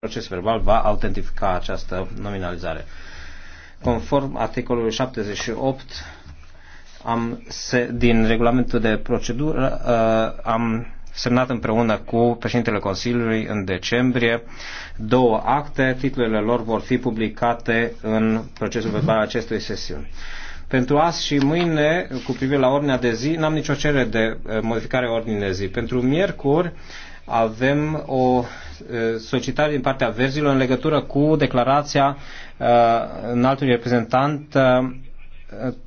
proces verbal va autentifica această nominalizare. Conform articolului 78 am se, din regulamentul de procedură uh, am semnat împreună cu președintele Consiliului în decembrie două acte, titlurile lor vor fi publicate în procesul verbal acestei sesiuni. Pentru azi și mâine, cu privire la ordinea de zi, n-am nicio cerere de uh, modificare a ordinei de zi. Pentru miercuri, avem o solicitare din partea verzilor în legătură cu declarația înaltului reprezentant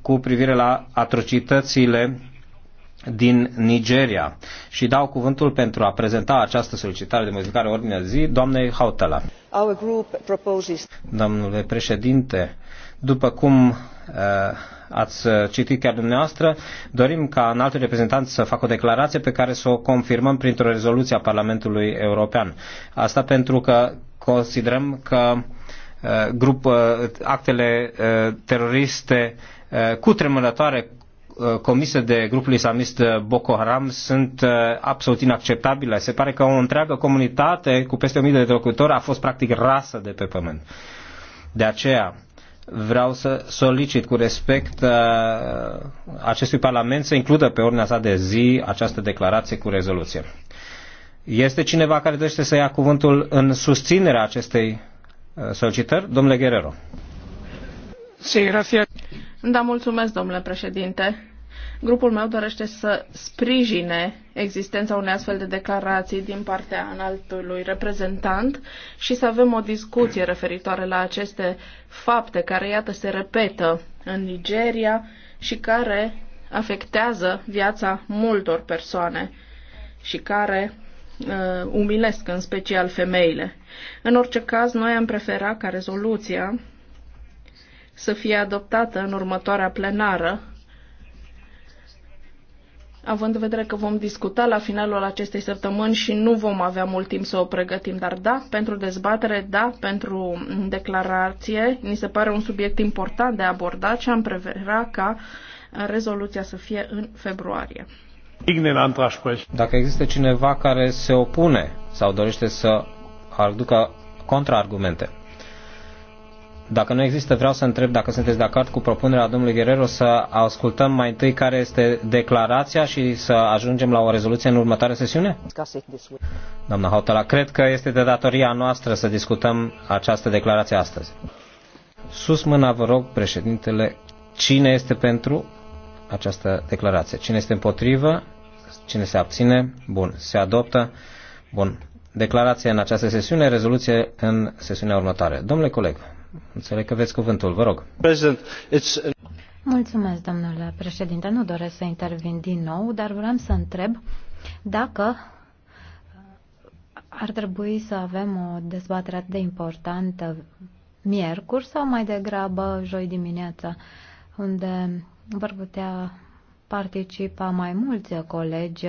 cu privire la atrocitățile din Nigeria. Și dau cuvântul pentru a prezenta această solicitare de modificare ordinea zi doamnei Hautala. Our group proposes... Domnule președinte, după cum uh, ați citit chiar dumneavoastră, dorim ca în alte reprezentanți să facă o declarație pe care să o confirmăm printr-o rezoluție a Parlamentului European. Asta pentru că considerăm că uh, grup, uh, actele uh, teroriste cu tremurătoare Uh, comise de grupul islamist uh, Boko Haram sunt uh, absolut inacceptabile. Se pare că o întreagă comunitate cu peste 1000 de locuitori a fost practic rasă de pe pământ. De aceea vreau să solicit cu respect acestui Parlament să includă pe ordinea sa de zi această declarație cu rezoluție. Este cineva care dorește să ia cuvântul în susținerea acestei solicitări? Domnule Guerrero. Sí, gracias. Da, mulțumesc, domnule președinte. Grupul meu dorește să sprijine existența unei astfel de declarații din partea înaltului reprezentant și să avem o discuție referitoare la aceste fapte care, iată, se repetă în Nigeria și care afectează viața multor persoane și care uh, umilesc în special femeile. În orice caz, noi am preferat ca rezoluția să fie adoptată în următoarea plenară, având în vedere că vom discuta la finalul acestei săptămâni și nu vom avea mult timp să o pregătim, dar da, pentru dezbatere, da, pentru declarație, ni se pare un subiect important de abordat și am prevera ca rezoluția să fie în februarie. Dacă există cineva care se opune sau dorește să aducă contraargumente, dacă nu există, vreau să întreb dacă sunteți de acord cu propunerea domnului Guerrero să ascultăm mai întâi care este declarația și să ajungem la o rezoluție în următoarea sesiune? Doamna Hautala, cred că este de datoria noastră să discutăm această declarație astăzi. Sus mâna, vă rog, președintele, cine este pentru această declarație? Cine este împotrivă? Cine se abține? Bun, se adoptă. Bun, Declarația în această sesiune, rezoluție în sesiunea următoare. Domnule coleg, înțeleg că veți cuvântul, vă rog. Mulțumesc, domnule președinte. Nu doresc să intervin din nou, dar vreau să întreb dacă ar trebui să avem o dezbatere atât de importantă miercuri sau mai degrabă joi dimineața, unde vor putea participa mai mulți colegi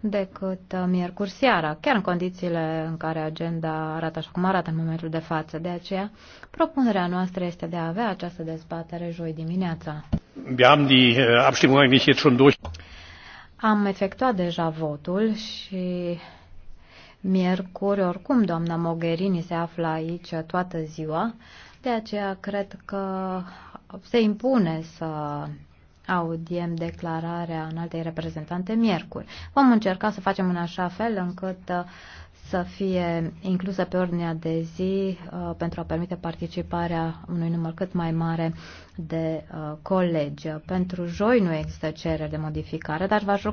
decât miercuri seara, chiar în condițiile în care agenda arată așa cum arată în momentul de față. De aceea, propunerea noastră este de a avea această dezbatere joi dimineața. Äh, Am efectuat deja votul și miercuri, oricum, doamna Mogherini se află aici toată ziua, de aceea cred că se impune să audiem declararea altei reprezentante miercuri. Vom încerca să facem în așa fel încât uh, să fie inclusă pe ordinea de zi uh, pentru a permite participarea unui număr cât mai mare de uh, colegi. Pentru joi nu există cerere de modificare, dar v-aș ruga